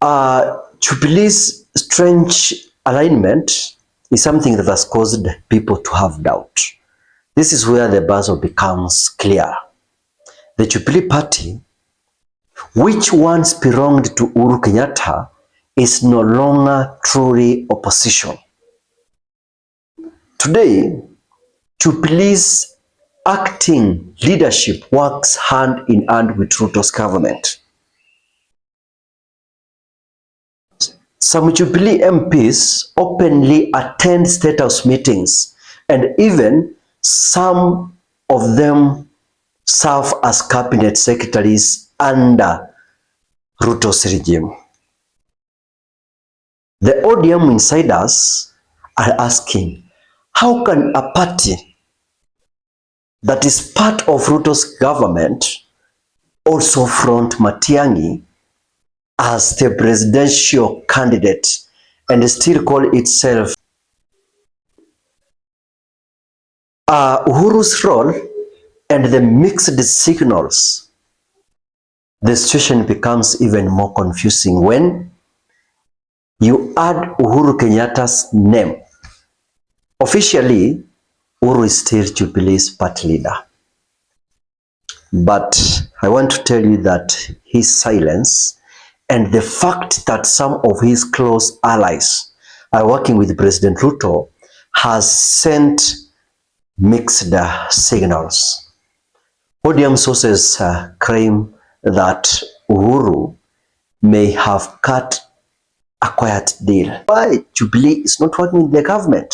Uh, Jubilee's strange alignment is something that has caused people to have doubt. This is where the puzzle becomes clear. The Jubilee Party, which once belonged to Uhuru Kenyatta, is no longer truly opposition. Today, Jubilee's acting leadership works hand in hand with Ruto's government. Some Jubilee MPs openly attend State House meetings and even some of them serve as cabinet secretaries under Ruto's regime. The ODM insiders are asking, how can a party that is part of Ruto's government also front Matiangi as the presidential candidate and still call itself uh, Uhuru's role and the mixed signals, the situation becomes even more confusing when you add Uhuru Kenyatta's name. Officially, Uhuru is still Jubilee's party leader. But I want to tell you that his silence and the fact that some of his close allies are working with President Ruto has sent mixed signals. ODM sources uh, claim that Uhuru may have cut a quiet deal. Why Jubilee is not working with the government?